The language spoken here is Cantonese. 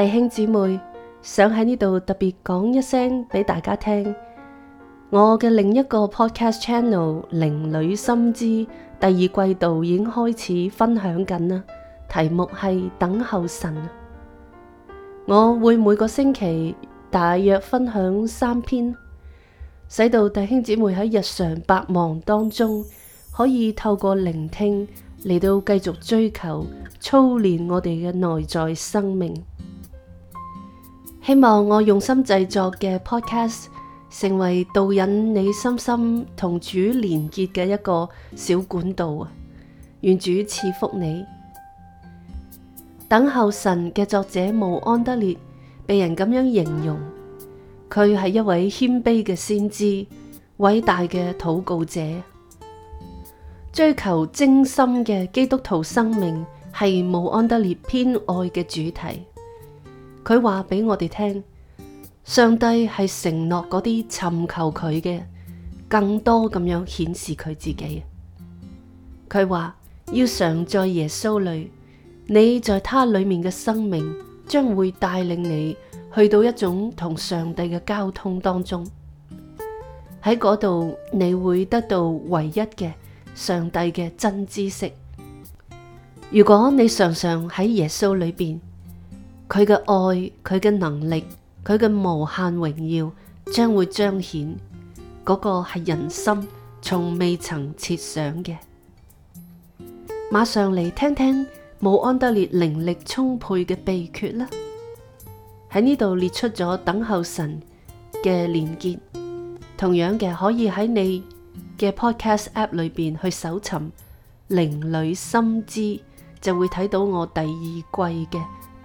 弟兄姊妹，想喺呢度特別講一聲俾大家聽，我嘅另一個 podcast channel《靈女心知》第二季度已經開始分享緊啦。題目係等候神，我會每個星期大約分享三篇，使到弟兄姊妹喺日常百忙當中可以透過聆聽嚟到繼續追求操練我哋嘅內在生命。希望我用心製作嘅 podcast 成為導引你心心同主連結嘅一個小管道啊！願主賜福你。等候神嘅作者慕安德烈被人咁樣形容，佢係一位謙卑嘅先知，偉大嘅禱告者，追求精深嘅基督徒生命係慕安德烈偏愛嘅主題。佢話俾我哋聽，上帝係承諾嗰啲尋求佢嘅，更多咁樣顯示佢自己。佢話要常在耶穌裏，你在他裡面嘅生命將會帶領你去到一種同上帝嘅交通當中。喺嗰度你會得到唯一嘅上帝嘅真知識，如果你常常喺耶穌裏邊。佢嘅愛，佢嘅能力，佢嘅無限榮耀，將會彰顯嗰、嗰個係人心從未曾設想嘅。馬上嚟聽聽武安德烈靈力充沛嘅秘訣啦。喺呢度列出咗等候神嘅連結，同樣嘅可以喺你嘅 podcast app 裏邊去搜尋靈女心知，就會睇到我第二季嘅。